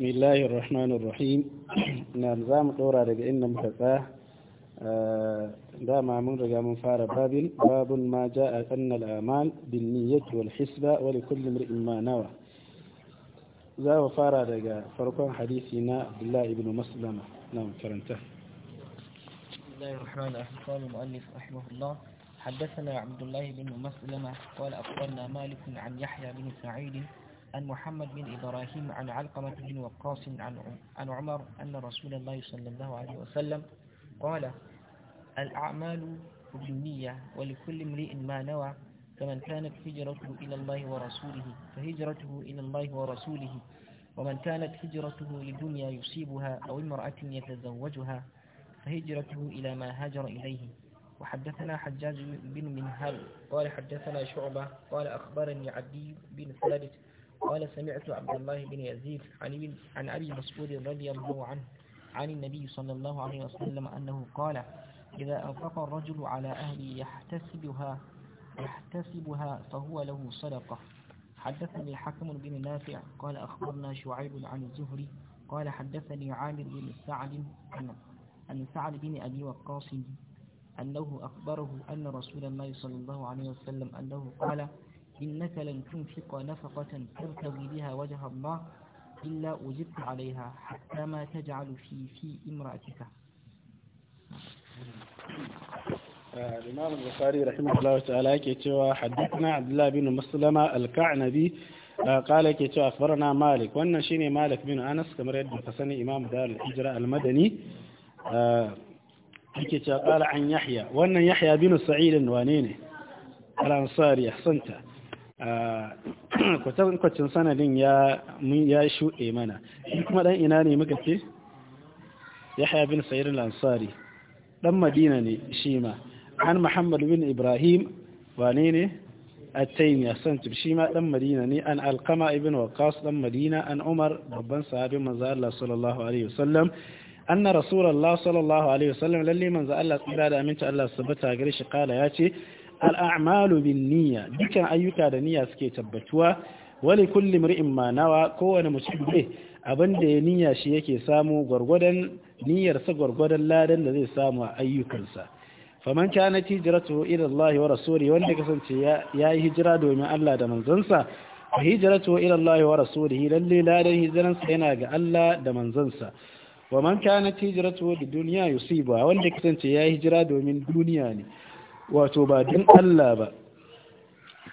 بسم الله الرحمن الرحيم نعم زام طورا رجع إن مفتاة دا ما من رجع من فار باب باب ما جاء أن الأعمال بالنية والحسبة ولكل امرئ ما نوى زا فار رجع فركون حديثنا بالله ابن مسلمة نعم فرنته بسم الله الرحمن الرحيم قال المؤلف رحمه الله حدثنا عبد الله بن مسلمة قال أخبرنا مالك عن يحيى بن سعيد عن محمد بن إبراهيم عن علقمة بن وقاص عن عمر أن رسول الله صلى الله عليه وسلم قال الأعمال بالنية ولكل امرئ ما نوى فمن كانت هجرته إلى الله ورسوله فهجرته إلى الله ورسوله ومن كانت هجرته لدنيا يصيبها أو امرأة يتزوجها فهجرته إلى ما هاجر إليه وحدثنا حجاج بن منهل قال حدثنا شعبة قال أخبرني عدي بن ثابت قال سمعت عبد الله بن يزيد عن, عن أبي مسعود رضي الله عنه عن النبي صلى الله عليه وسلم أنه قال إذا أنفق الرجل على أهله يحتسبها يحتسبها فهو له صدقة حدثني حكم بن نافع قال أخبرنا شعيب عن الزهري قال حدثني عامر بن سعد عن سعد بن أبي وقاص أنه أخبره أن رسول الله صلى الله عليه وسلم أنه قال إنك لن تنفق نفقة ترتوي بها وجه الله إلا وجدت عليها حتى ما تجعل في في امرأتك آه، الإمام البخاري رحمه الله تعالى كتوى حدثنا عبد الله بن مسلمة الكعنبي آه، قال كتوى أخبرنا مالك وأن شيني مالك بن أنس كما يد فسني إمام دار الحجرة المدني آه، كتوى قال عن يحيى وأن يحيى بن سعيد وانيني الأنصاري أحسنته Ah, kwacin sanadin ya shuɗe mana kuma ɗan ina ne muka ce ya bin sayirin lansari ɗan madina ne shi ma an muhammadu bin ibrahim wane ne a taimiyar santif shi ma ɗan madina ne an alkama ibn waqas ɗan madina an umar babban sahabin manzo Allah sallallahu alaihi wasallam an na allah sallallahu alaihi wasallam lalle manzo Allah tsira da aminta Allah subhanahu wa ta'ala shi kala yace al'amalu bin niyya dukkan ayyuka da niyya suke tabbatuwa Wani kulli ri'in ma nawa kowane musulmi ne abin da ya niyya shi yake samu gwargwadon niyyarsa gwargwadon ladan da zai samu a ayyukansa faman kanat hijratuhu ila Allah wa rasuli wanda kasance ya yi hijira domin Allah da manzansa fa hijratuhu ila Allah wa rasuli lalle ladan hijiransa yana ga Allah da manzansa wa man kanat hijratuhu duniya dunya ba wanda kasance ya yi hijira domin duniya ne wato ba din Allah ba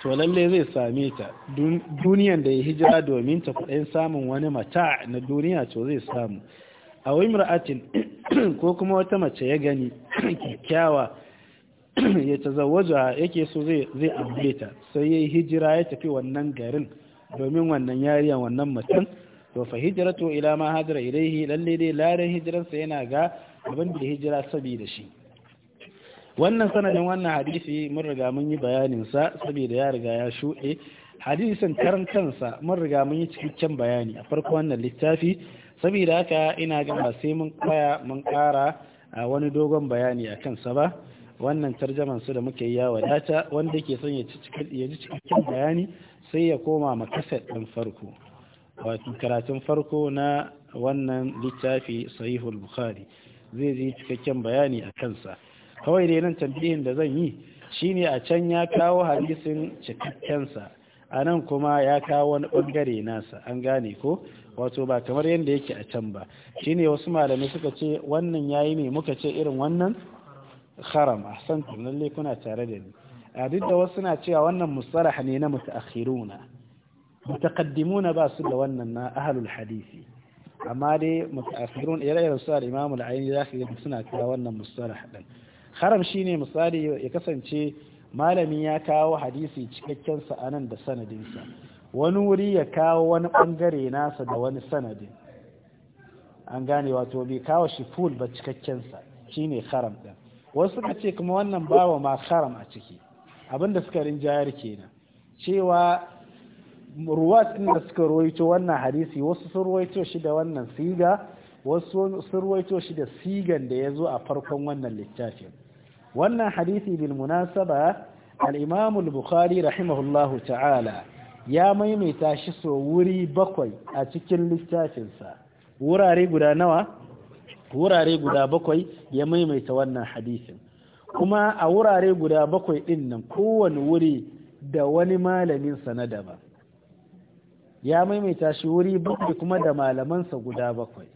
to lalle zai same ta duniyan da ya hijira domin ta kudin samun wani mata na duniya to zai samu a wai mar'atin ko kuma wata mace ya gani kyakkyawa ya tazawwaja yake so zai aure ta sai ya hijira ya tafi wannan garin domin wannan yariyan wannan mutum to fa to ila ma hajara ilaihi lalle dai larin hijiransa yana ga abin da hijira saboda shi wannan sanadin wannan hadisi mun riga mun yi bayanin sa saboda ya riga ya shuɗe hadisin karan kansa mun riga mun yi cikakken bayani a farko wannan littafi saboda haka ina ga ba sai mun kaya mun ƙara wani dogon bayani a kansa ba wannan tarjaman su da muke yi ya wadata wanda ke son ya ji cikakken bayani sai ya koma ma kaset ɗin farko wato karatun farko na wannan littafi sahihul bukhari zai ji cikakken bayani a kansa kawai dai nan tambihin da zan yi shine a can ya kawo hadisin cikakkensa a nan kuma ya kawo wani ɓangare nasa an gane ko wato ba kamar yadda yake a can ba shine wasu malamai suka ce wannan ya yi ne muka ce irin wannan haram ahsan lalle kuna tare da ni a duk da wasu na cewa wannan mustalah ne na mutaakhiruna mutaqaddimuna ba su da wannan na ahlul hadisi amma dai mutaakhirun ire-iren su al-imam al-aini su ga suna kira wannan mustalah din haram ne misali ya kasance malami ya kawo hadisi cikakken sa anan da sanadinsa wani wuri ya kawo wani bangare nasa da wani sanadin an gane wato bai kawo shi full ba cikakken sa shine haram ɗin wasu ka ce kuma wannan bawa ma haram a ciki abinda suka rinjayar kenan cewa ruwat da suka ruwaito wannan hadisi wasu sun ruwaito shi da wannan siga wasu sun ruwaito shi da sigan da ya zo a farkon wannan littafin wannan hadisi bil munasaba al-imam al-bukhari rahimahullahu ta'ala ya maimaita shi so wuri bakwai a cikin littafinsa wurare guda nawa wurare guda bakwai ya maimaita wannan hadisin kuma a wurare guda bakwai din nan kowane wuri da wani malaminsa na daban ya maimaita shi wuri bakwai kuma da malamansa guda bakwai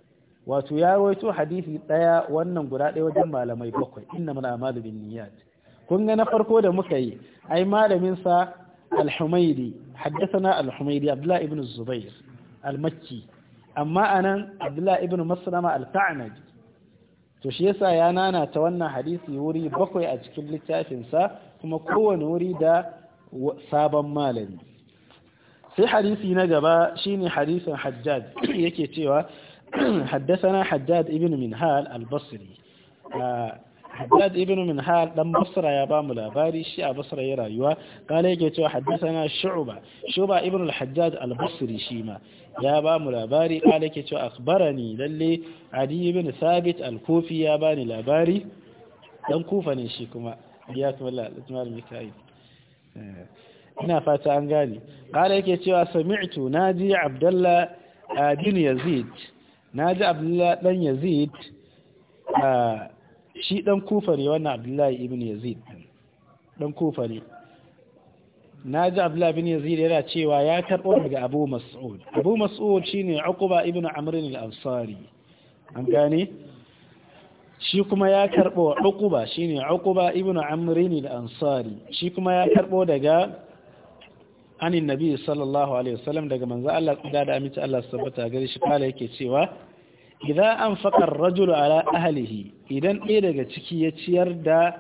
wato ya rawaito hadisi daya wannan guda daya wajen malamai bakwai inna mal amalu bin niyyat kun ga na farko da muka yi ai malamin sa al-humaydi haddathana al-humaydi abdullah ibn zubair al-makki amma anan abdullah ibn maslama al-ta'naj to shi yasa ya nana ta wannan hadisi wuri bakwai a cikin littafin sa kuma kowane wuri da sabon malami sai hadisi na gaba shine hadisin hajjaj yake cewa حدثنا حداد ابن منهال البصري حداد ابن منهال دم بصرة يا بام الأباري شيء بصرة يرى يوا قال يجتوا حدثنا شعبة شعبة ابن الحجاج البصري شيما يا بام الأباري قال يجتوا أخبرني للي علي بن ثابت الكوفي يا باني الأباري دم كوفة نشيكما بياكم الله لتمار مكايد ina fata an gane ƙara yake cewa sami'tu naji abdallah bin yazid na ji abdullahi dan yazid shi dan kufa ne wannan abdullahi ibn yazid dan kufa ne na ji abdullahi ibn yazid yana cewa ya karɓo daga abu mas'ud abu mas'ud shine akuba ibn amrin al-ansari an gane shi kuma ya akuba shi ne akuba ibn amr al-ansari shi kuma ya karɓo daga anin nabi sallallahu alaihi wasallam daga manzo Allah da amince Allah tabbata gare shi kala yake cewa idza anfaqa ar-rajulu ala ahlihi idan ɗaya daga ciki ya ciyar da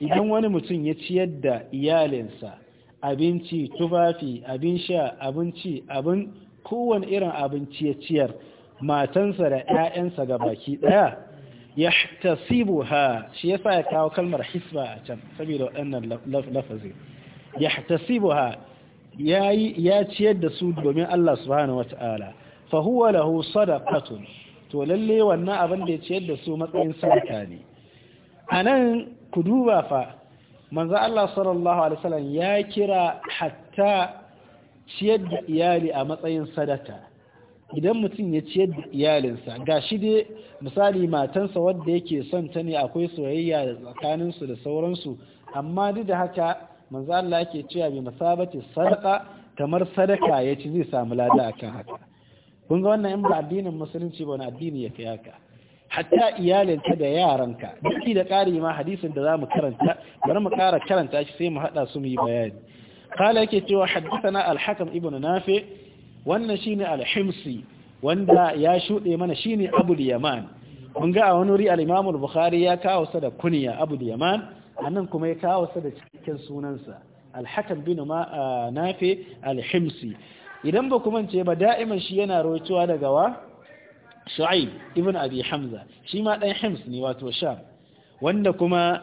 idan wani mutum ya ciyar da iyalinsa abinci tufafi abin sha abinci abin kowane irin abinci ya ciyar matansa da ƴaƴansa ga baki ɗaya ya tasibu ha shi ya ya kawo kalmar hisba a can saboda waɗannan lafazi ya tasibu ha ya ciyar da su domin Allah subhanahu wata'ala fa huwa lahu sadaqatun to lalle wannan abin da ya ciyar da su matsayin sadaka ne anan ku duba fa manzo Allah sallallahu alaihi wasallam ya kira hatta ciyar da iyali a matsayin sadaka idan mutum ya ciyar da iyalinsa ga shi dai misali matansa wadda yake son ta ne akwai soyayya tsakaninsu da sauransu amma duk da haka manzo Allah yake cewa bi masabati sadaqa kamar sadaka ya ci zai samu lada akan haka kun ga wannan in ba addinin musulunci ba wani addini ya kai haka hatta iyalinta da yaranka duk da ƙari ma hadisin da zamu karanta bari mu ƙara karanta shi sai mu hada su mu yi bayani qala yake cewa haddathana al hakim ibn nafi wannan shine al-himsi wanda ya shude mana shine abul yaman mun ga a wani wuri al-imam al-bukhari ya kawo sa da kunya abul yaman nan kuma ya kawo sa da cikin sunansa alhakan bin ah, nafe alhimsi idan ba kuma ce ba da'iman shi yana rotuwa daga wa shu'aib ibn abi hamza shi ma dan hims ne wato sham wanda kuma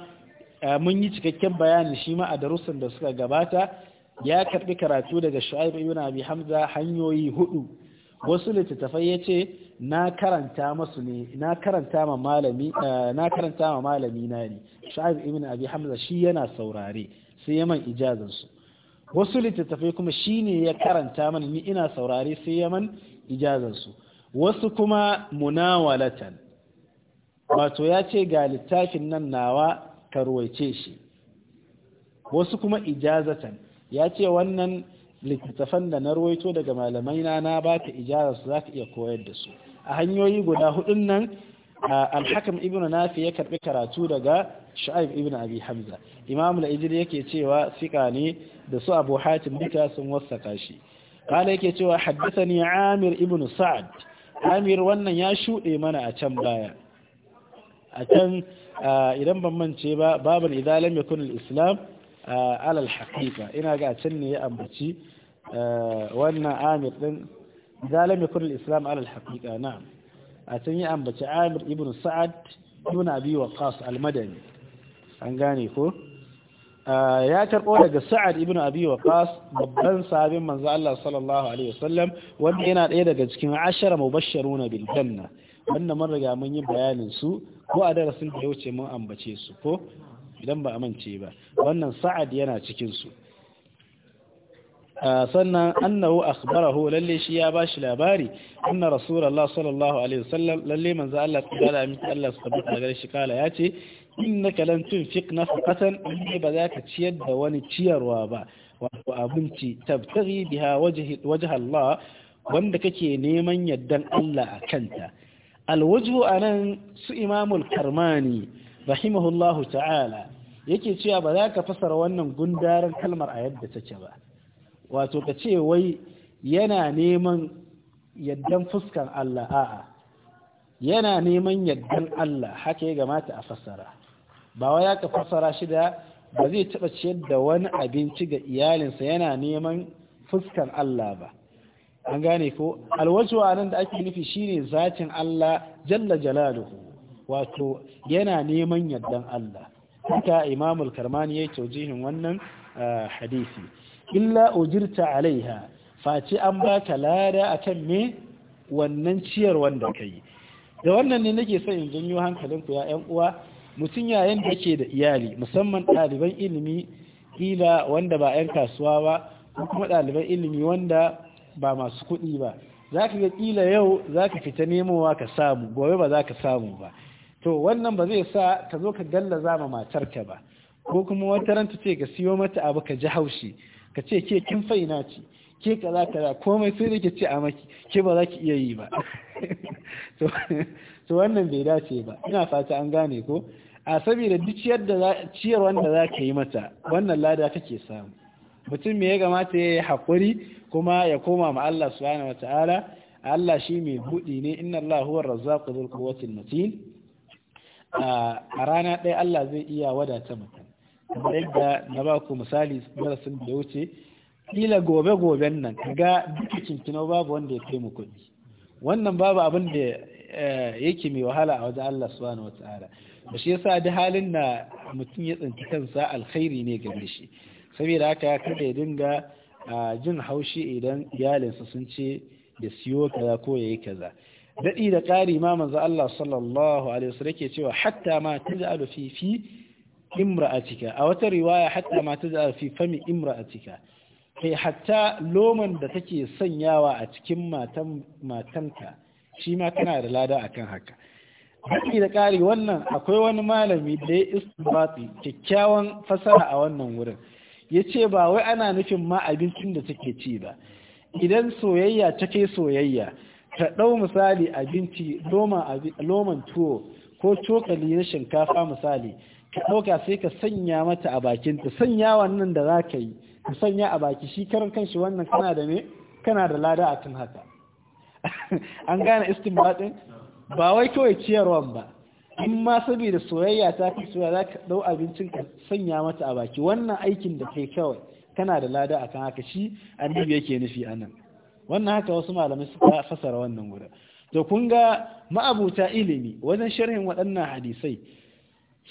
ah, mun yi cikakken bayani shi ma a darussan da suka gabata ya karbi karatu daga shu'aib ibn abi hamza hanyoyi hudu wasu littattafai ya ce na karanta masu ne na karanta ma malami eh, na karanta ma malami na ne sha'ib ibn abi hamza shi yana saurare sai yaman ijazan su wasu littattafai kuma shi ne ya karanta mana ni ina saurare sai yaman ijazan su wasu kuma munawalatan wato ya ce ga littafin nan nawa ka ruwaice shi wasu kuma ijazatan ya ce wannan littattafan da na ruwaito daga malamai na na ka ijara su ka iya koyar da su a hanyoyi guda hudun nan alhakam ibn nafi ya karbi karatu daga sha'ib ibn abi hamza imam da ijr yake cewa sika ne da su abu hatim duka sun wasaka shi qala yake cewa haddathani amir ibn sa'ad amir wannan ya shuɗe mana a can baya a can idan ban mance ba babul idza lam islam alal haƙiƙa ina ga can ne ya ambaci wannan amir ɗin, zalim yakun al-islam alal haƙiƙa na? a can ya ambaci amir ibn sa'ad ibn abi waqas al-madani an gane ko ya karɓo daga sa'ad ibn abi waqas babban sabin manzo Allah sallallahu alaihi wasallam wanda yana ɗaya daga cikin ashara mubashsharuna bil janna wanda mun riga mun yi bayanin su ko a darasin da ya wuce mun ambace su ko idan ba a mance ba wannan sa'ad yana cikin su ah, sannan annahu akhbarahu lalle shi ya bashi labari anna rasulullah sallallahu alaihi wasallam lalle manzo Allah tsara miki Allah subhanahu wa shi kala yace innaka lan tunfiq nafaqatan in ba za ka ciyar da wani ciyarwa ba wato abinci tabtaghi biha wajh Allah wanda kake neman yaddan Allah a kanta alwajhu anan su imamul karmani rahimahullahu ta'ala yake cewa ba za ka fasara wannan gundarin kalmar a yadda take ba wato ka ce wai yana neman yaddan fuskan Allah a'a yana neman yaddan Allah haka ya gamata a fasara ba wai ka fasara shida, ba zai taɓa ciyar da wani abinci ga iyalinsa yana neman fuskan Allah ba an gane ko alwajuwa nan da ake nufi shine zatin Allah jalla jalaluhu wato yana neman yardan Allah haka Imam al-Karmani yayi taujihin wannan ah, hadisi illa ujirta alaiha Fati an ba ta lada a akan me wannan ciyar wanda kai da wannan ne nake son in janyo hankalinku ya 'yan uwa mutum yayin da yake da iyali musamman ɗaliban ilimi ila wanda ba 'yan kasuwa ba ko kuma ɗaliban ilimi wanda ba masu kuɗi ba za ka ga ƙila yau za ka fita nemowa ka samu gobe ba za ka samu ba to wannan ba zai sa ka zo ka gallaza ma matarka ba ko kuma wata ran ta ce ka siyo mata abu ka ji haushi ka ce ke kin faina ce ke kaza kaza komai sai da ke ci a maki ke ba za ki iya yi ba to wannan bai dace ba ina fata an gane ko a saboda duk ciyar wanda za ka yi mata wannan lada kake samu mutum me ya gamata ya yi haƙuri kuma ya koma ma Allah subhanahu wataala Allah shi mai buɗi ne inna Allah huwa razzaqu dhul quwwati matin a rana ɗaya Allah zai iya wadata mutum kamar yadda na ba ku misali darasin da ya wuce kila gobe goben nan ga duka kinkino babu wanda ya kai mu kuɗi wannan babu abin da eh, yake mai wahala a wajen Allah subhanahu wataala da shi yasa da halin na mutum ya tsinci kansa alkhairi ne ga shi saboda haka ya kada ya dinga ah, jin haushi idan iyalinsa sun ce da siyo kaza ko yayi kaza daɗi da ƙari ma manzo Allah sallallahu alaihi wasallam yake cewa hatta ma taj'alu fi fi imra'atika a wata riwaya hatta ma taj'alu fi fami imra'atika kai hatta loman da take sanyawa a cikin matan matanka shi ma kana da lada akan haka haƙi da ƙari wannan akwai wani malami da ya isbati kyakkyawan fasaha a wannan wurin ya ce ba wai ana nufin ma abincin da take ci ba idan soyayya ta kai soyayya ka ɗau misali abinci loman tuwo ko cokali na shinkafa misali ka ɗauka sai ka sanya mata a bakinta sanya wannan da za ka yi ka sanya a baki shi karan kanshi wannan kana da me kana da lada a kan haka an gane istinbatin ba wai kawai ciyarwan ba in ma saboda soyayya ta fi soya za ka ɗau abincin ka sanya mata a baki wannan aikin da kai kawai kana da lada a kan haka shi annabi yake nufi anan wannan haka wasu malamai suka fasara wannan guda to kun ga ma'abuta ilimi wajen sharhin waɗannan hadisai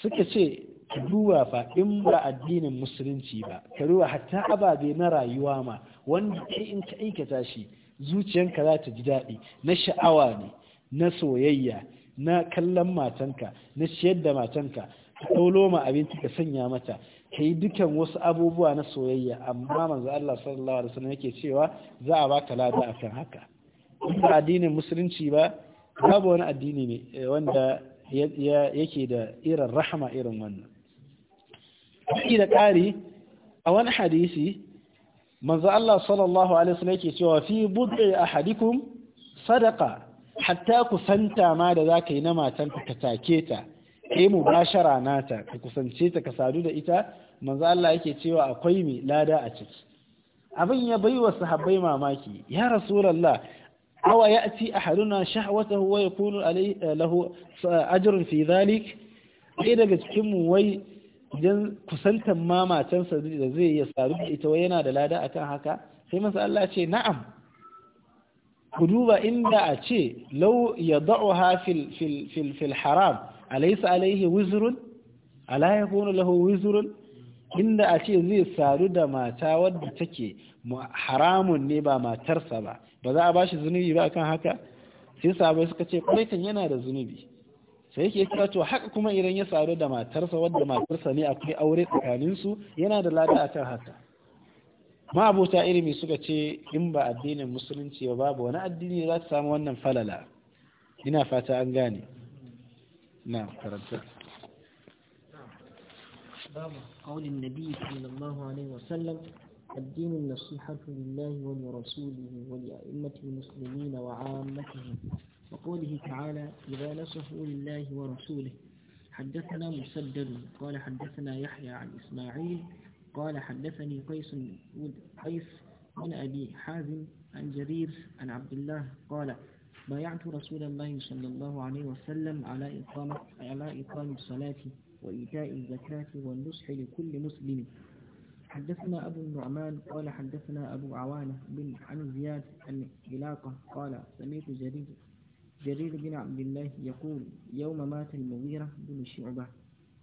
suka ce duba fa in ba addinin musulunci ba ka ruwa hatta ababe na rayuwa ma wanda kai in ka aikata shi zuciyanka za ta ji daɗi na sha'awa ne na soyayya na kallon matanka na ciyar da matanka ka ɗaulo ma abinci ka sanya mata ka yi dukan wasu abubuwa na soyayya amma manzo Allah sallallahu alaihi wasallam yake cewa za a baka lada akan haka in ba addinin musulunci ba babu wani addini ne eh, wanda yake da irin rahama irin wannan shi da ƙari a wani hadisi manzo Allah sallallahu alaihi wasallam yake cewa fi bud'i ahadikum sadaqa hatta kusanta ma da zaka yi na matan ka take ta kai mubashara nata ka kusance ta ka sadu da ita manzo Allah yake cewa akwai mi lada a ciki abin ya bai wa sahabbai mamaki ya rasulullah awa ya'ti ahaduna shahwatahu wa yakunu eh, lahu eh, ajrun fi dhalik sai daga cikin mu wai idan kusantan mamatansa da zai ya sadu da ita wai yana da lada akan haka sai manzo Allah ce na'am ku duba inda a ce lau ya fil fil haram alaisa alaihi wizrun ala yakunu laho wuzurun inda a ce zai sadu da mata wadda take haramun ne ba matarsa ba ba za a bashi zunubi ba akan haka sai sabai suka ce yana da zunubi sai yake kira to haka kuma idan ya sadu da matarsa wadda matarsa ne akwai aure tsakaninsu yana da lada a kan haka ma abota ilimi suka ce in ba addinin musulunci ba babu wani addini za ta samu wannan falala ina fata an gane نعم ترجع باب قول النبي صلى الله عليه وسلم الدين النصيحة لله ولرسوله ولأئمة المسلمين وعامتهم وقوله تعالى إذا نصحوا لله ورسوله حدثنا مسدد قال حدثنا يحيى عن إسماعيل قال حدثني قيس قيس عن أبي حازم عن جرير عن عبد الله قال بايعت رسول الله صلى الله عليه وسلم على إقامة, على إقامة الصلاة وإيتاء الزكاة والنصح لكل مسلم حدثنا أبو النعمان قال حدثنا أبو عوانة بن عن زياد عن علاقة قال سمعت جرير جرير بن عبد الله يقول يوم مات المغيرة بن شعبة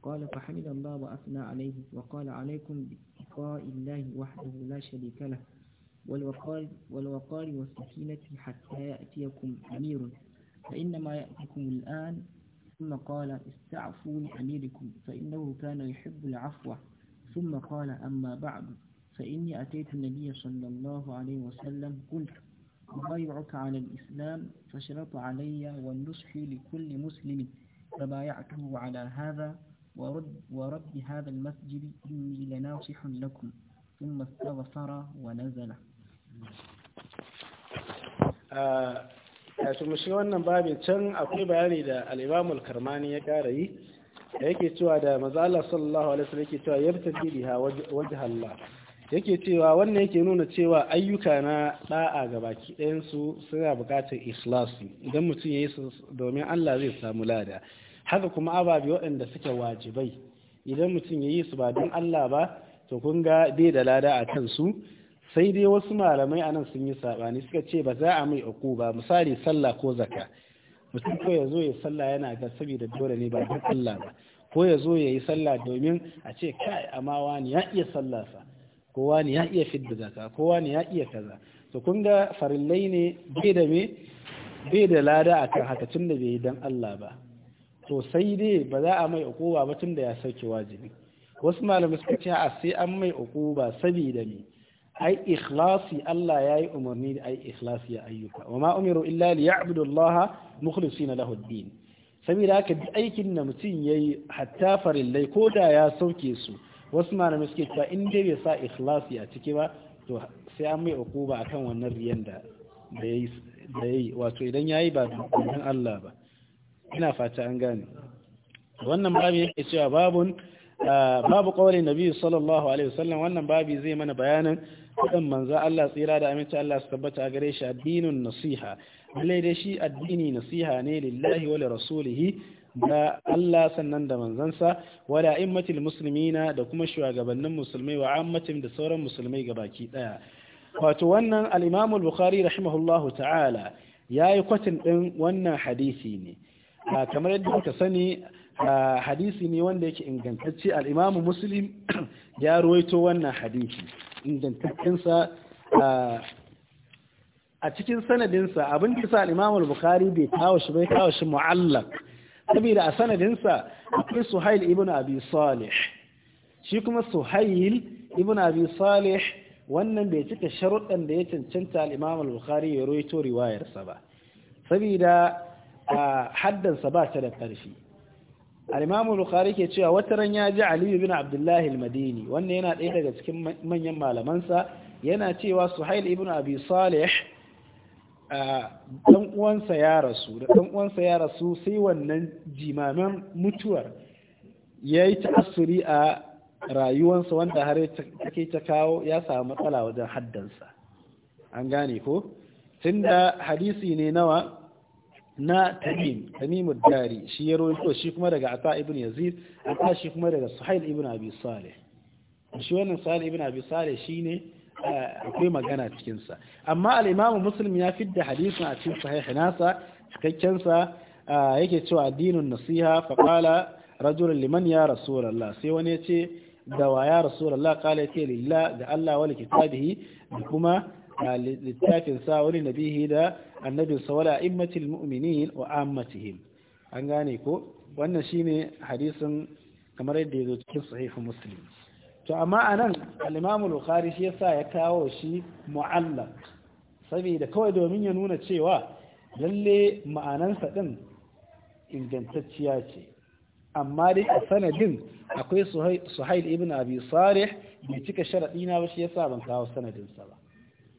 قال فحمد الله وأثنى عليه وقال عليكم بإقاء الله وحده لا شريك له والوقار, والوقار والسكينة حتى يأتيكم أمير فإنما يأتيكم الآن ثم قال استعفوا لأميركم فإنه كان يحب العفو ثم قال أما بعد فإني أتيت النبي صلى الله عليه وسلم قلت أبايعك على الإسلام فشرط علي والنصح لكل مسلم فبايعته على هذا ورد, ورب هذا المسجد إني لناصح لكم ثم استغفر ونزل Uh, a shi wannan babin can akwai bayani da al'imamul karmani ya ƙara yi da yake cewa da maza'ala sallallahu alaihi yake cewa yartabi ha wajen halla yake cewa wannan yake nuna cewa ayyuka na da'a ga baki ɗayansu su suna buƙatar islasi idan mutum ya yi su domin Allah zai samu lada haka kuma ababe waɗanda suke wajibai idan mutum ya yi su ba don Allah ba to kun ga bai da lada a kansu sai dai wasu malamai anan sun yi saɓani suka ce ba za a mai uku ba misali sallah ko zaka mutum ko ya zo ya sallah yana ga saboda dole ne ba ta sallah ba ko ya zo ya yi sallah domin a ce kai amma wani ya iya sallah sa ko wani ya iya fidda zaka ko wani ya iya kaza to kun ga farillai ne bai da me bai da lada akan haka tun da bai yi dan Allah ba to sai dai ba za a mai uku ba tunda da ya sauke wajibi wasu malamai suka ce a sai an mai uku ba saboda me ai ikhlasi Allah ya yi umarni da ai ikhlasi ya ayyuka wa ma umiru illa li ya'budu Allah mukhlisina lahu ad-din saboda haka duk aikin da mutum yayi hatta farillai ko da ya sauke su wasu malamai suke cewa in dai bai sa ikhlasi a ciki ba to sai an mai ukuba akan wannan riyan da da yayi wato idan yayi ba don Allah ba ina fata an gane wannan babu yake cewa babun ah, babu kawai nabi sallallahu alaihi wasallam wannan babu zai mana bayanin faɗin manzan Allah tsira da aminci Allah su tabbata a gare shi addinin nasiha lallai dai shi addini nasiha ne lillahi wa rasulihi da Allah sannan da manzansa wa da immatil muslimina da kuma shugabannin musulmai wa ammatin da sauran musulmai baki ɗaya. wato wannan al-Imam bukhari rahimahullahu ta'ala yayi kwatin din wannan hadisi ne kamar yadda muka sani hadisi ne wanda yake ingantacce al-Imam ya ruwaito wannan hadisi ingantaccensa a cikin sanadinsa abin da sa Imam al-Bukhari bai kawo shi bai kawo shi mu'allaq saboda a sanadinsa akwai Suhail ibn Abi Salih shi kuma Suhail ibn Abi Salih wannan bai cika sharuɗan da ya cancanta al-Imam al-Bukhari ya roito riwayarsa ba saboda haddansa ba ta da ƙarfi al-imamu bukhari ke cewa wata ran ya ji Aliyu bin abdullahi al-madini wanda yana ɗaya daga cikin manyan malamansa yana cewa suhail ibn abi salih dan ya rasu da ɗan'uwansa ya rasu sai wannan jimaman mutuwar yayi ta'asiri a rayuwansa wanda har yake ta kawo ya samu matsala wajen haddansa an gane ko tunda hadisi ne nawa na tamim tamimud dari shi ya rawaito shi kuma daga ata ibn yazid ata shi kuma daga suhail ibn abi salih shi wannan suhail ibn abi salih shine akwai magana cikin sa amma al-imamu muslim ya fidda hadisin a cikin sahih nasa cikakken sa yake cewa addinun nasiha fa qala liman ya rasulullah sai wani ya ce da wa ya rasulullah qala ya ce lillah da Allah wa kitabihi da kuma littafin sa wani nabihi da annabi wala immatil mu'minin wa ammatihim an gane ko wannan shine hadisin kamar yadda ya zo cikin sahihu muslim to amma anan al-imamu bukhari shi yasa ya kawo shi mu'allaq saboda kawai domin ya nuna cewa lalle ma'anansa din ingantacciya ce amma dai a sanadin akwai suhail ibn abi salih bai cika sharadi na ba shi yasa ban kawo sanadin sa ba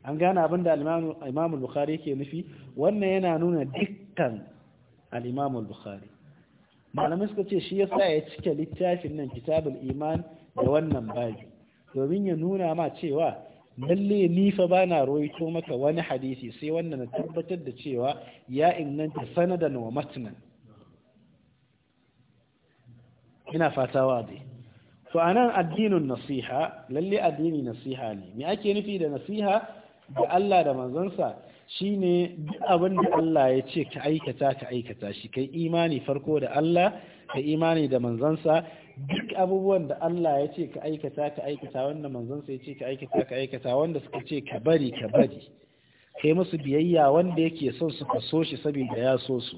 an gane abin da imamul bukhari yake nufi wannan yana nuna dukkan al'imamul bukhari malamai suka ce shi yasa ya cike littafin nan kitabul iman da wannan babi domin ya nuna ma cewa lalle nifa fa bana roito maka wani hadisi sai wannan na tabbatar da cewa ya inganta sanadan wa matnan ina fata wadi to nan addinin nasiha lalle addini nasiha ne me ake nufi da nasiha da Allah da shi shine duk abin da Allah ya ce ka aikata ka aikata shi kai imani farko da Allah ka imani da manzansa. duk abubuwan da Allah ya ce ka aikata ka aikata wanda manzansa ya ce ka aikata ka aikata wanda suka ce ka bari ka bari kai musu biyayya wanda yake son su ka so shi saboda ya so su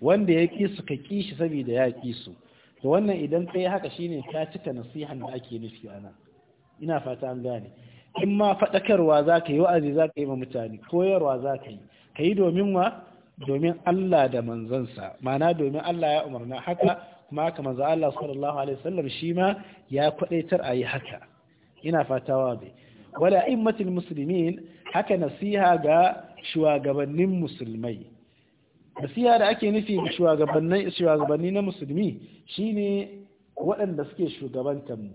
wanda ya ƙi su ka ƙi shi saboda ya ƙi su to wannan idan kai haka shine ka cika nasihan da ake nufi ana ina fata an gane in ma faɗakarwa za ka yi wa'azi za ka yi ma mutane koyarwa za ka yi ka yi domin wa domin Allah da manzansa mana domin Allah ya umarna haka kuma haka manzo Allah sallallahu alaihi wasallam shi ma ya kwadaitar a yi haka ina fatawa bai wala immatul muslimin haka nasiha ga shugabannin musulmai nasiha da ake nufi ga shugabannin shugabanni na musulmi shine waɗanda suke shugabantar mu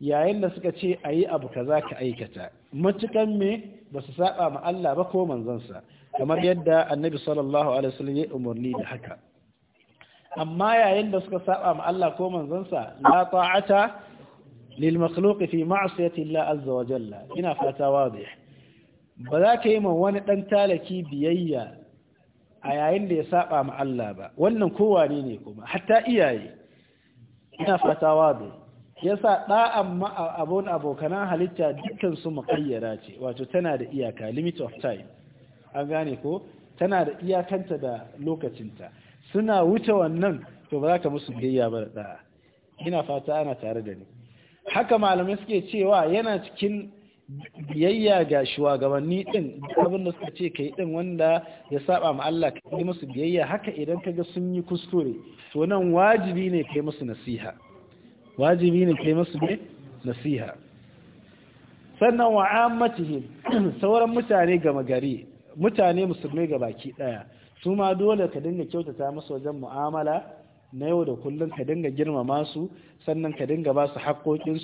yayin da suka ce a yi abu kaza ka aikata matukan me ba su saba ma Allah ba ko manzansa kamar yadda annabi sallallahu alaihi wasallam ya umarni da haka amma yayin da suka saba ma Allah ko manzansa la ta'ata lil makhluq fi ma'siyati Allah azza wa jalla ina fata wadih ba za ka yi ma wani dan talaki biyayya a yayin da ya saba ma Allah ba wannan kowane ne kuma hatta iyaye ina fata wadih yasa da'an abun abokanan halitta dukkan su muqayyara ce wato tana da iyaka limit of time an gane ko tana da iyakanta da lokacinta suna wuce wannan to ba za ka musu biyayya ba da ina fata ana tare da ni haka malamai suke cewa yana cikin biyayya ga shugabanni din abin da suka ce kai din wanda ya saba ma Allah ka yi musu biyayya haka idan kaga sun yi kuskure to nan wajibi ne kai musu nasiha wajibi ne kai musu ne nasiha sannan wa ammatihim sauran mutane ga magari mutane musulmai ga baki daya su ma dole ka dinga kyautata musu wajen mu'amala na yau da kullum ka dinga girmama su sannan ka dinga ba su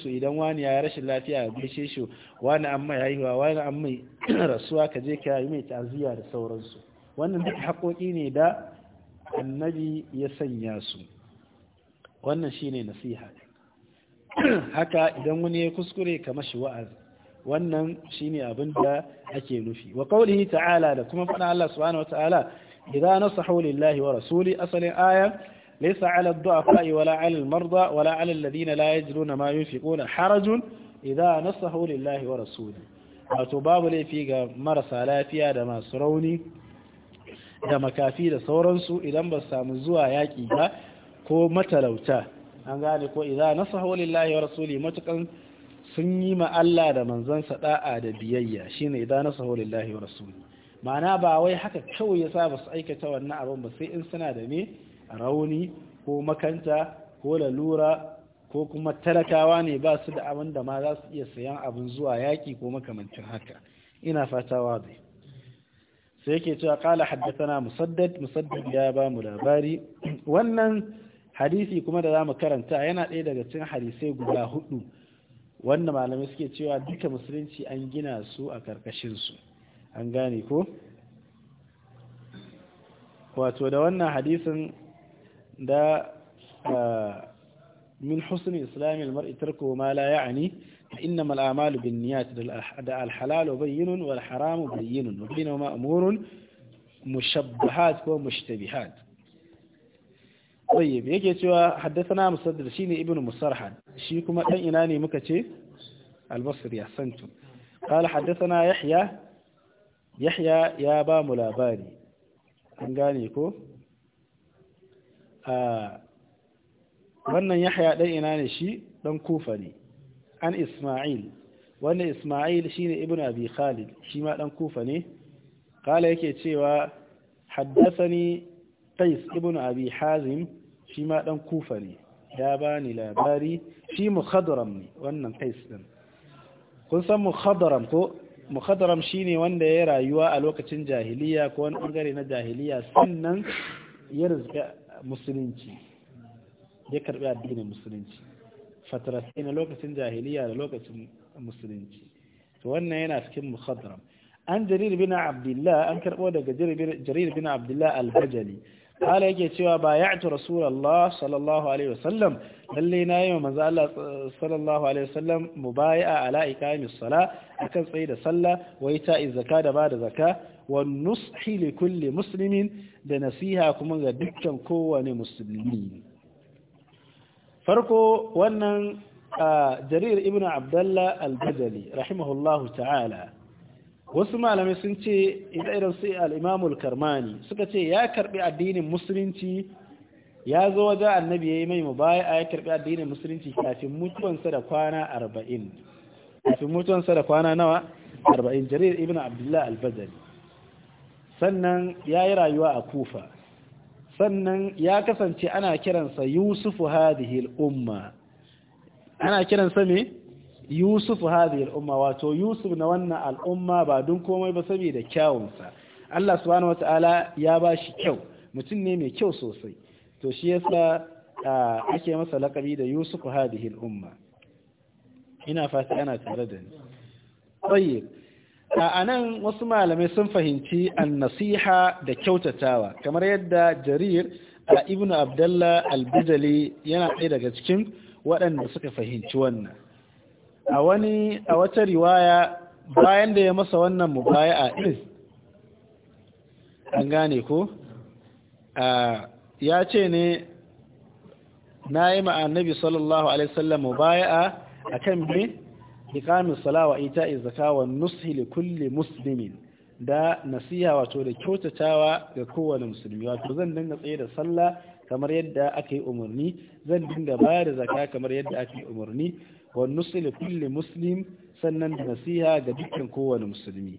su idan wani ya rashin lafiya a gaishe shi wani an mai haihuwa wani an rasuwa ka je ka yi mai ta'aziyya da sauransu wannan duk haƙoƙi ne da annabi ya sanya su wannan shine nasiha haka idan wani ya kuskure ka shi wa'az wannan shine abin da ake nufi wa qawlihi ta'ala da kuma faɗa Allah subhanahu wata'ala idza nasahu lillahi wa rasuli asalin aya laysa 'ala ad-du'afa'i wala 'ala al-marda wala 'ala alladhina la yajiduna ma yunfiquna harajun idza nasahu lillahi wa rasuli wato babu laifi ga marasa lafiya da masu rauni da makafi da sauransu idan ba samu zuwa yaƙi ba ko matalauta an gane ko idza nasahu lillahi wa rasuli matukan sun yi ma Allah da manzansa da'a da biyayya shine idza nasahu lillahi wa rasuli ma'ana ba wai haka kawai yasa ba su aikata wannan abin ba sai in suna da me rauni ko makanta ko lalura ko kuma talakawa ne ba su da abin da ma za su iya sayan abin zuwa yaki ko makamancin haka ina fata wazi sai yake cewa qala haddathana musaddad musaddad ya ba mu labari wannan hadisi kuma da zamu karanta yana ɗaya daga cikin hadisai guda hudu wanda malamai suke cewa duka musulunci an gina su a karkashin su an gane ko wato da wannan hadisin da ah, min husni islami almar'i tarku ma la ya'ni innama al'amalu niyyat da alhalalu bayyinun wal haramu bayyinun wa bainahuma ma'murun mushabbahat ko mushtabihat طيب yake cewa haddathana musaddad shine ibnu musarhad shi kuma dan ina ne muka ce al-basri ahsantum qala haddathana yahya yahya ya ba mu labari an gane ko a wannan yahya dan ina ne shi dan kufa ne an isma'il wannan isma'il shine ibnu abi khalid shi ma dan kufa ne qala yake cewa haddathani qais ibnu abi hazim shi ma ɗan kufa ne ya bani labari shi mukhadram ne wannan kais ɗin kun san mukhadram ko shi ne wanda ya rayuwa a lokacin jahiliya ko wani ɓangare na jahiliya sannan ya rizga musulunci ya karɓi addinin musulunci fatarasai na lokacin jahiliya da lokacin musulunci to wannan yana cikin mukhadram an jarir bin abdullah an karbo daga jarir bin abdullah al-bajali ala yake cewa ba ya ci rasulallah sallallahu alaihi wasallam lalle na yi wa manzo Allah eh, sallallahu alaihi wasallam mubai'a ala iqamis sala akan tsayi da sallah wa ita zakka da bada zakka wa nushi li kulli muslimin da nasiha kuma ga dukkan kowane musulmi farko wannan ah, jarir ibnu abdullah al-bajali rahimahullahu ta'ala wasu malamai sun ce idan sai al'imamul karmani suka ce ya karbi addinin musulunci ya zo wajen annabi ya yi mai mubaya ya karbi addinin musulunci kafin mutuwansa da kwana arba'in kafin mutuwansa da kwana nawa arba'in jarir ibn abdullah albazari sannan ya yi rayuwa a kufa sannan ya kasance ana kiransa yusufu hadihil umma ana kiransa me yusuf hadhihi al'umma wato yusuf na wannan al'umma ba duk komai ba saboda kyawunsa Allah subhanahu wataala ya ba shi kyau mutum ne mai kyau sosai to shi yasa ake masa lakabi da yusuf hadhihi al'umma ina fata yana tare da ni a nan wasu malamai sun fahimci an-nasiha da kyautatawa kamar yadda jarir a ibnu abdullah al-bajali yana ɗaya daga cikin waɗanda suka fahimci wannan a wani a wata riwaya bayan da ya masa wannan a is an gane ko ya ce ne na yi ma'annabi sallallahu alaihi sallam mubaya'a a kan bi ikamin salawa ita zaka wa nushi li kulli muslimin da nasiha wato da kyautatawa ga kowane musulmi wato zan dinga tsaye da sallah kamar yadda aka yi umarni zan dinga bayar da zaka kamar yadda aka yi umarni wa nusul kulli muslim sannan da nasiha ga dukkan kowane musulmi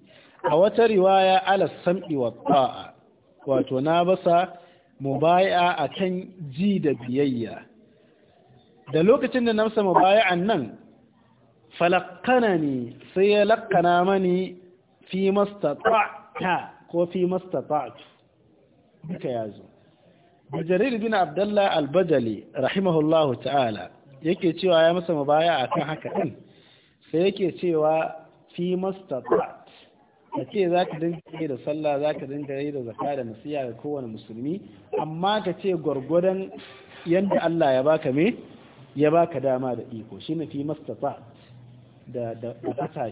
a wata riwaya ala sam'i wa ta'a wato na basa mubaya akan ji da biyayya da lokacin da mubaya a nan falakkanani sai ya lakkana mani fi mastata'ta ko fi mastata'tu duka yazo Jarir bin Abdullah al-Bajali rahimahullahu ta'ala yake cewa ya masa mabaya a kan haka ɗin sai yake cewa fi mastatat ka ce za ka dinga da sallah za ka dinga yi da zaka da nasiya ga kowane musulmi amma ka ce gwargwadon yadda Allah ya baka me ya baka dama da iko na fi mastatat da da fata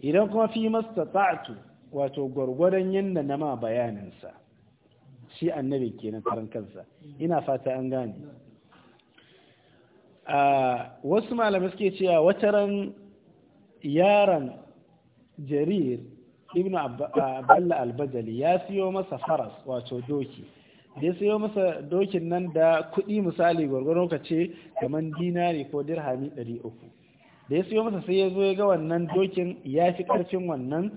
idan kuma fi mastata'tu wato gwargwadon yadda na ma bayaninsa shi annabi kenan karan kansa ina fata an gane wasu malamai suke cewa wata ran yaron jarir ibn abdullah albajali ya siyo masa faras wato doki da ya siyo masa dokin nan da kuɗi misali gwargwaron ka ce kamar dinari ko dirhami 300 da ya siyo masa sai ya zo ya ga wannan dokin ya fi ƙarfin wannan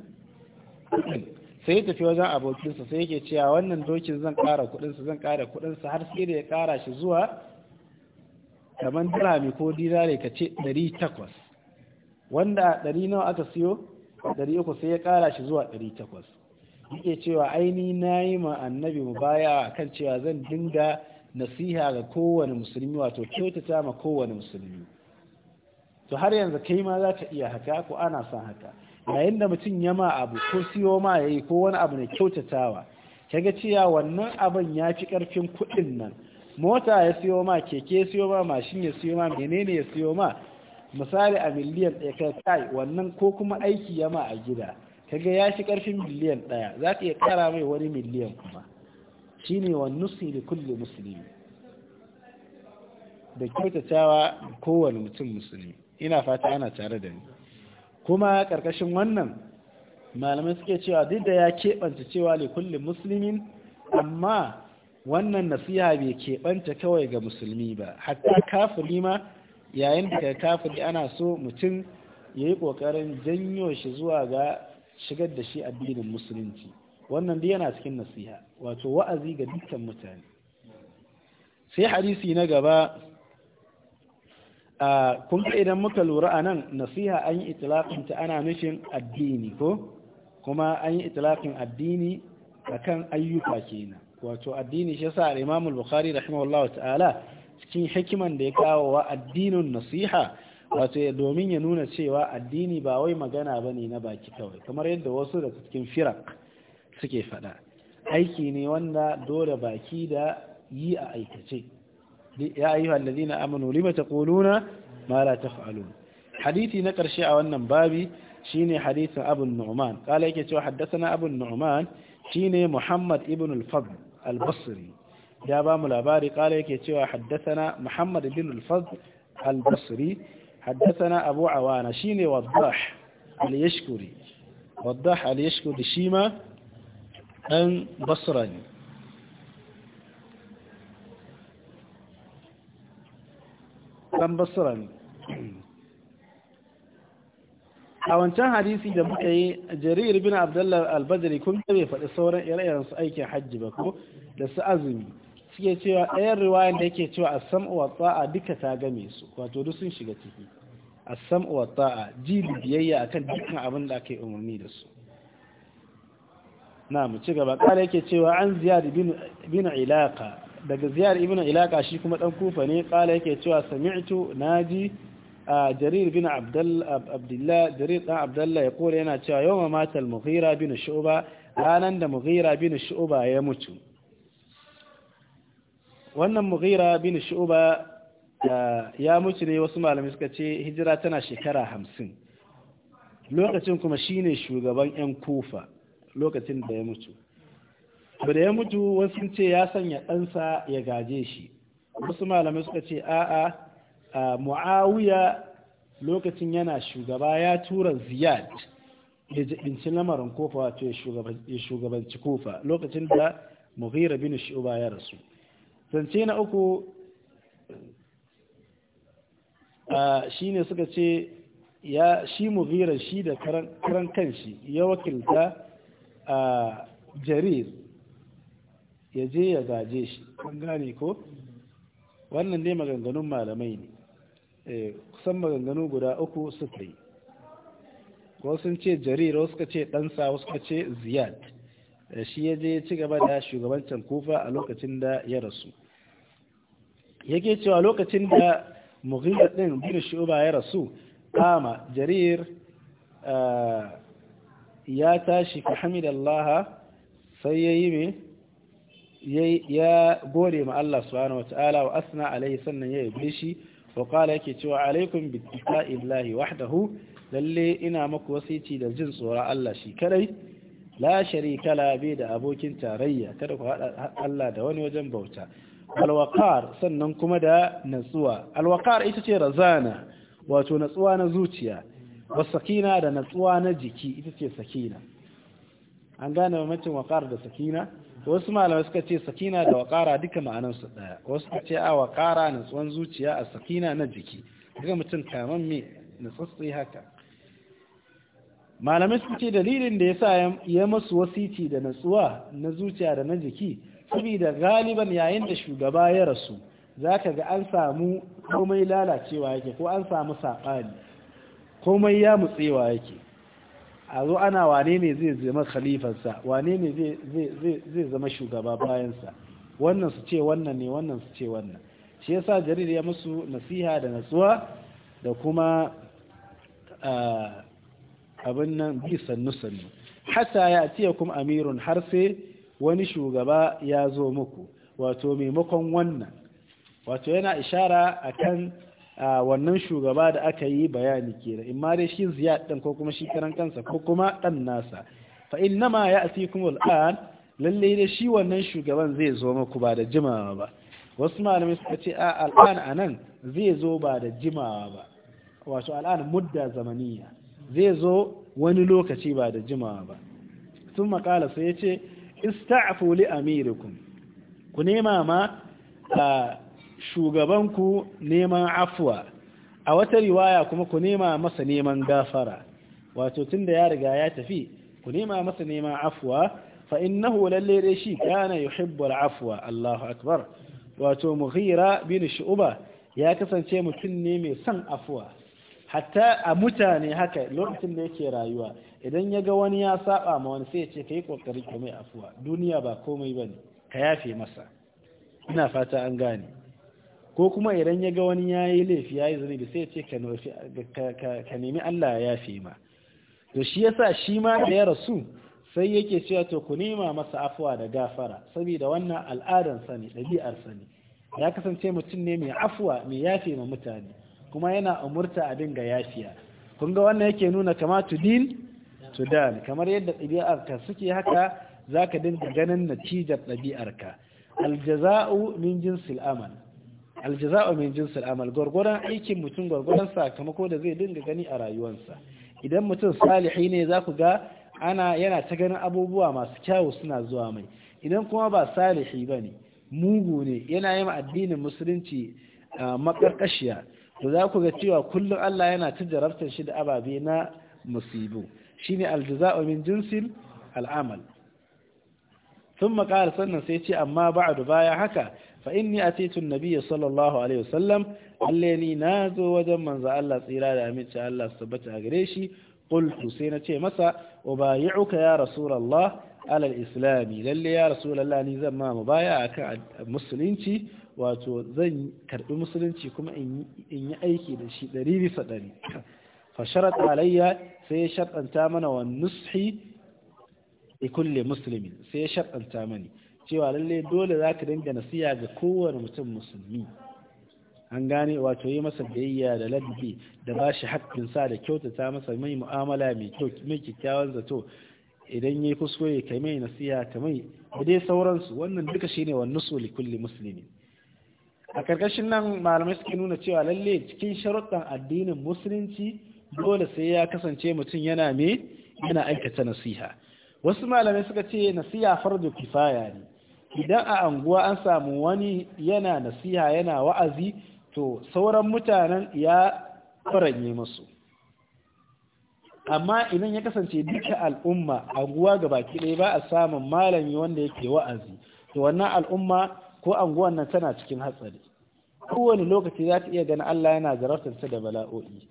sai ya tafi wajen abokinsa sai yake cewa wannan dokin zan ƙara kuɗinsa zan ƙara kuɗinsa har sai da ya ƙara shi zuwa kamar dirami ko dinare ka ce 800 wanda a nawa aka siyo a 300 sai ya kara shi zuwa 800 yake cewa aini na yi ma annabi mu baya kan cewa zan dinga nasiha ga kowane musulmi wato kyautata ma kowane musulmi to har yanzu kai ma za ka iya haka ko ana son haka yayin da mutum ya ma abu ko siyo ma ya yi ko wani abu ne kyautatawa ka ga cewa wannan abin ya fi ƙarfin kuɗin nan mota ya siyo ma keke ya siyo ma mashin ya siyo ma menene ya siyo ma misali a miliyan ɗaya ka kai wannan ko kuma aiki ya ma a gida kaga ya shi ƙarfin miliyan ɗaya za ka iya ƙara mai wani miliyan kuma Shi ne wa nusi da kulle musulmi da kyautatawa kowane mutum musulmi ina fata ana tare da ni kuma ƙarƙashin wannan malamai suke cewa duk da ya keɓanta cewa ne kulle musulmin amma wannan nasiha bai keɓanta kawai ga musulmi ba hatta kafiri ma yayin da kafiri ana so mutum ya yi ƙoƙarin janyo shi zuwa ga shigar da shi addinin musulunci wannan dai yana cikin nasiha wato wa'azi ga dukkan mutane sai hadisi na gaba a kuma idan muka lura a nan nasiha an yi ta ana nufin addini ko kuma an yi itilafin addini akan ayyuka kenan wato addini shi yasa al-Imam al-Bukhari rahimahullahu ta'ala cikin hikiman da ya kawo wa addinin nasiha wato domin ya nuna cewa addini ba wai magana bane na baki kawai kamar yadda wasu daga cikin firak suke fada aiki ne wanda dole baki da yi a aikace ya ayyuhal ladina amanu lima kuluna ma ta taf'alun hadisi na karshe a wannan babi shine hadisin abun Nu'man kala yake cewa na abun Nu'man شيني محمد ابن الفضل البصري جابا ملاباري قال يكي تيوى حدثنا محمد ابن الفضل البصري حدثنا أبو عوانا شيني وضح اليشكري وضح اليشكري شيما أن بصراني أن بصراني a wancan hadisi da muka yi jarir bin abdullah albadari kun bai faɗi sauran ire-iren su aikin hajji ba ko da su azumi suke cewa ɗayan riwayan da yake cewa a sam uwa tsa'a duka ta game su wato duk sun shiga ciki a sam uwa tsa'a ji biyayya akan dukkan abin da aka yi umarni da su na mu ci gaba ƙara yake cewa an ziyar bin ilaka daga ziyar ibn ilaka shi kuma ɗan kufa ne ƙara yake cewa sami'tu naji jarir bin abdullah jarir dan abdullah ya kore yana cewa yawma mata al-mughira bin shu'ba ranan da mughira bin shu'ba ya mutu wannan mughira bin shu'ba ya mutu ne wasu malamai suka ce hijira tana shekara hamsin lokacin kuma shine shugaban 'yan kufa lokacin da ya mutu da ya mutu wasu ce ya sanya ɗansa ya gaje shi wasu malamai suka ce a'a mu'awiya lokacin yana shugaba ya tura ziyad ya jibinci lamarin kofa wato ya shugabanci kofa lokacin da mughira bin shu'ba ya rasu zance na uku shi ne suka ce ya shi mughira shi da karan kanshi ya wakilta jarir ya je ya gaje shi kun gane ko wannan ne maganganun malamai ne Eh, kusan maganganu guda uku suka yi wasu ce jarir wasu ka ce ɗansa wasu ka ce ziyad eh, shi ya je ci gaba da shugabancin kufa a lokacin da ya rasu yake cewa lokacin da mughira ɗin bin shuba ya rasu kama jarir eh, ya tashi fi hamidallaha sai ya yi mai ya gode ma Allah subhanahu wa ta'ala wa asna alaihi sannan ya bishi shi wa yake cewa alaikum bi illahi wahdahu lalle ina maku wasici da jin tsoron Allah shi kadai la sharika la bi da abokin tarayya kada ku hada Allah da wani wajen bauta alwaqar sannan kuma da natsuwa alwaqar ita ce razana wato natsuwa na zuciya wasakina da natsuwa na jiki ita ce sakina an gane mamacin waqar da sakina wasu malamai suka ce sakina da wakara duka ma'anansu ɗaya, wasu suka ce a wakara na zuciya a sakina na jiki daga mutum kamar mai na tsatsi haka malamai suka ce dalilin da ya sa ya masu wasiti da natsuwa na zuciya da na jiki saboda galiban yayin da shugaba ya rasu za ka ga an samu komai lalacewa yake ko an samu saɓani komai ya mutsewa yake a zo ana wane ne zai zama khalifarsa wane ne zai zama shugaba bayansa wannan su ce wannan ne wannan su ce wannan shi ya sa jarir ya musu nasiha da nasuwa da kuma abin nan bi sannu sannu hatta ya kuma amirun har sai wani shugaba ya zo muku wato maimakon wannan wato yana ishara akan wannan shugaba da aka yi bayani kenan in ma dai shi ziyad din ko kuma shi karan kansa ko kuma dan nasa fa ma ya'tikum al'an lalle dai shi wannan shugaban zai zo muku ba da jimawa ba wasu malamai suka ce a al'an anan zai zo ba da jimawa ba wato al'an mudda zamaniya zai zo wani lokaci ba da jimawa ba sun makala sai ya ce ista'afu li amirikum ku nema ma shugabanku neman afuwa a wata riwaya kuma ku nema masa neman gafara wato tunda ya riga ya tafi ku nema masa neman afuwa fa innahu lalle dai shi kana yuhibbul afwa Allahu akbar wato mughira bin shu'ba ya kasance mutum ne mai son afuwa hatta a mutane haka lokacin da yake rayuwa idan ya ga wani ya saba ma wani sai ya ce kai kokari ka mai afuwa duniya ba komai bane ka yafe masa ina fata an gane ko kuma idan ya ga wani ya yi laifi ya yi zunubi sai ce ka nemi Allah ya fi ma to shi yasa shi ma da ya rasu sai yake cewa to ku nema masa afuwa da gafara saboda wannan al'adar sani ɗabi'ar sani ya kasance mutum ne mai afuwa mai yafe ma mutane kuma yana umurta a dinga yafiya kun ga wannan yake nuna kama to din to dan kamar yadda ɗabi'ar ka suke haka zaka dinga ganin natijar ɗabi'ar ka aljaza'u min jinsil amal aljaza'u min jinsi al'amal gwargwaron aikin mutum gwargwaron sakamako da zai dinga gani a rayuwarsa idan mutum salihi ne za ku ga ana yana ta ganin abubuwa masu kyawu suna zuwa mai idan kuma ba salihi ba ne mugu ne yana yi addinin musulunci makarkashiya to za ku ga cewa kullum Allah yana ta jarabtar shi da ababe na musibu shine aljaza'u min jinsi al'amal sun makar sannan sai ce amma ba'adu baya haka fa inni atitu nabiyya sallallahu alaihi wasallam alle ni zo wajen manzo Allah tsira da aminci Allah tabbata a gare shi qultu sai na ce masa ubayi'uka ya rasulullah ala al-islam lalle ya rasulullah ni zan ma mubaya akan musulunci wato zan karbi musulunci kuma in yi aiki da shi ɗari bisa ɗari fasharat alayya sai ya sharɗanta mana wa nushi ikulli muslimin sai ya sharɗanta mani cewa lalle dole za ka dinga nasiya ga kowane mutum musulmi an gane wato yi masa biyayya da ladabi da ba shi sa da kyautata masa mai mu'amala mai kyakkyawan zato idan ya kuskure ka mai nasiya ta mai da dai sauransu wannan duka shine wa nusu li kulli muslimi a karkashin nan malamai suke nuna cewa lalle cikin sharuɗan addinin musulunci dole sai ya kasance mutum yana me yana aikata nasiha wasu malamai suka ce nasiha fardu kifaya ne idan a anguwa an samu wani yana nasiha yana wa'azi to sauran mutanen ya faranye masu amma idan ya kasance duka al'umma anguwa ga baki ɗaya ba a samun malami wanda yake wa'azi to wannan al'umma ko anguwan nan tana cikin hatsari kowane lokaci za ta iya gani Allah yana zaraftarsa da bala'o'i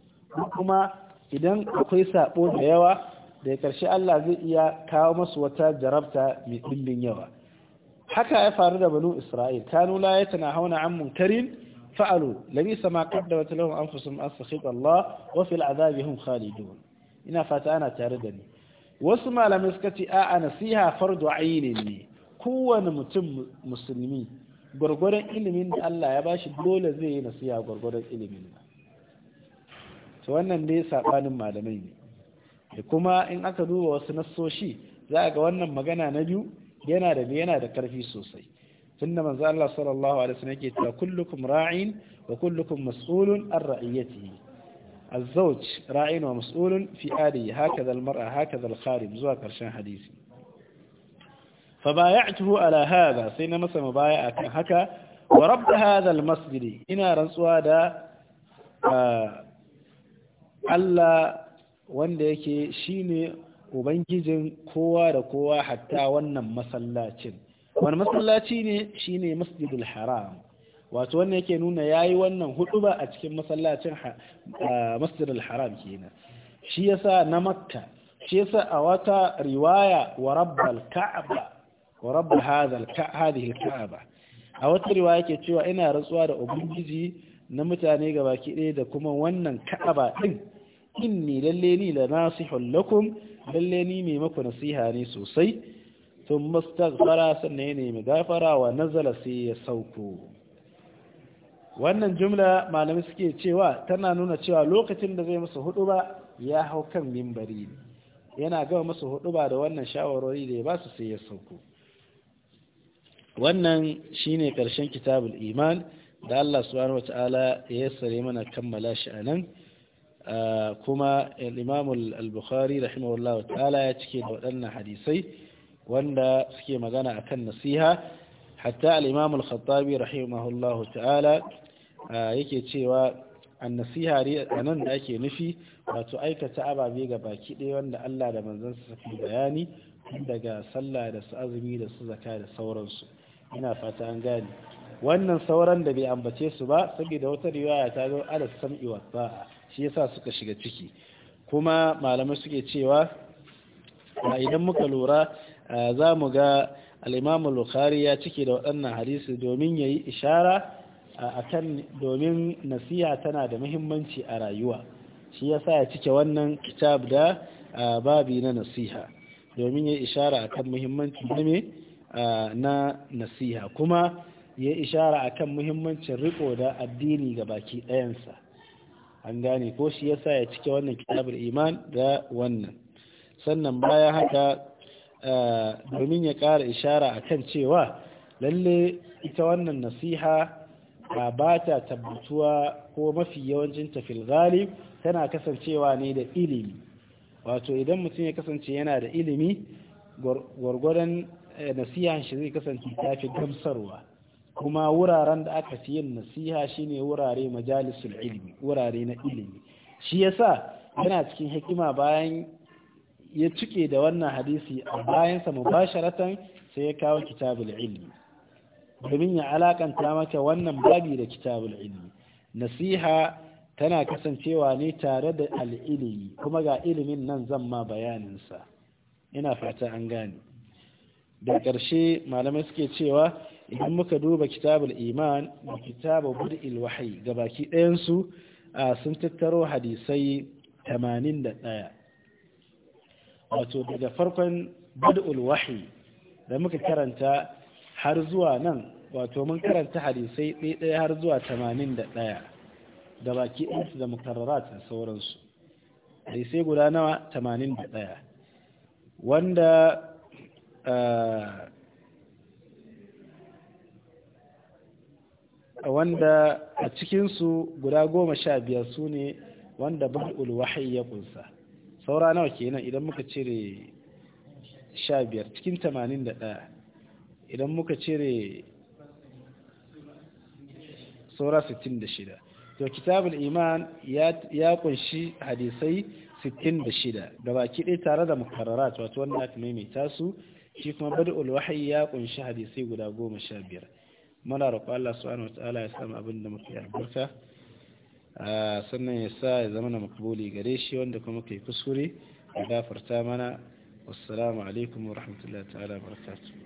kuma idan akwai sabo da yawa da ya ƙarshe Allah zai iya kawo masu wata jarabta mai ɗimbin yawa haka ya faru da banu isra'il kanu la hauna an munkarin fa'alu labisa ma qaddamat lahum anfusuhum as-sakhita Allah wa fil adhabi hum khalidun ina fata ana tare da ni wasu malamai suka ce a'a nasiha fardu ainin ne kowane mutum musulmi gwargwaron ilimin da Allah ya bashi dole zai yi nasiha gwargwaron ilimin to wannan ne sabanin malamai ne da kuma in aka duba wasu nassoshi za a ga wannan magana na biyu yana da yana da karfi sosai tunda manzo Allah sallallahu alaihi wasallam yake cewa kullukum ra'in wa kullukum mas'ulun an ra'iyatihi الزوج راعين ومسؤول في آله هكذا المرأة هكذا الخارم زوا كرشان حديثي فبايعته على هذا سينا مسا هكا ورب هذا المسجد إنا رنسوا دا ألا wanda yake shine ubangijin kowa da kowa hatta wannan masallacin wani masallaci ne shi ne masjidul haram wato wannan yake nuna ya yi wannan ba a cikin masallacin masjidul haram kenan shi yasa na makka shi yasa a wata riwaya wa rabbal ka'aba wa Rabbal hadhihi kaaba a wata riwaya ke cewa ina rantsuwa da ubangiji na mutane gaba ɗaya da kuma wannan ka'aba ɗin. inni lalle ni la nasihun lakum lalle ni mai maku nasiha ne sosai tun mastaghfara sannan ne mai gafara wa nazala sai ya sauko wannan jumla malami suke cewa tana nuna cewa lokacin da zai masa hudu ba ya hau kan mimbari yana gama masa hudu ba da wannan shawarwari da ya ba su sai ya sauko wannan shine karshen kitabul iman da Allah subhanahu Ta'ala) ya sare mana kammala shi anan kuma imam al-bukhari rahimahullahu ta'ala ya cike da waɗannan hadisai wanda suke magana akan nasiha hatta al-imam al-khattabi rahimahullahu ta'ala yake cewa annasiha anan da ake nufi wato aikata ababe ga baki ɗaya wanda Allah da manzansa suka bayani daga sallah da su azumi da su zaka da sauransu ina fata an gane wannan sauran da bai ambace su ba saboda wata riwaya ta zo ala sam'i wa ta'a shi yasa suka shiga ciki kuma malamai suke cewa idan muka lura za mu ga al-Imam bukhari ya cike da waɗannan hadisi domin yayi ishara akan domin nasiha tana da muhimmanci a rayuwa shi yasa ya cike wannan kitab da babi na nasiha domin yayi ishara akan muhimmanci ne na nasiha kuma ya ishara a kan muhimmancin riko da addini ga baki ɗayansa an gane ko shi yasa ya cike wannan kitabar iman da wannan sannan baya haka eh, domin ya ƙara ishara a kan cewa lalle ita wannan nasiha ba ta tabbatuwa ko mafi yawancin tafil galib tana kasancewa ne da ilimi wato idan mutum ya kasance yana da ilimi gwargwadon eh, nasiha shi zai kasance tafi gamsarwa kuma wuraren da aka fi yin nasiha shine wurare majalisul ilmi wurare na ilimi shi yasa yana cikin hikima bayan ya cike da wannan hadisi a bayansa mubasharatan sai ya kawo kitabul ilmi domin ya alakanta maka wannan babi da kitabul ilmi nasiha tana kasancewa ne tare da al'ilimi kuma ga ilimin nan zan ma bayaninsa ina fata an gane da ƙarshe malamai suke cewa idan muka duba kitabul iman da kitabu bud'il wahyi gabaki ɗayan su sun tattaro hadisai 81 wato daga farkon bud'ul wahyi da muka karanta har zuwa nan wato mun karanta hadisai ɗaya har zuwa 81 gabaki ɗayan su da mukarrarat sauransu hadisai guda nawa 81 wanda wanda a cikinsu guda goma sha biyar su ne wanda ba'ul wahayi ya kunsa saura nawa kenan idan muka cire sha biyar cikin tamanin da ɗaya idan muka cire saura sittin da shida to kitabul iman ya kunshi hadisai sittin da shida da baki ɗaya tare da mukarrarat wato wanda aka maimaita su shi kuma bad'ul wahayi ya kunshi hadisai guda goma sha biyar muna roƙo Allah subhanahu wataala ya samu abin da muke albarka sannan ya sa ya zama na gare shi wanda kuma kai kuskure ya gafarta mana wassalamu alaikum wa rahmatullahi ta'ala barakatuh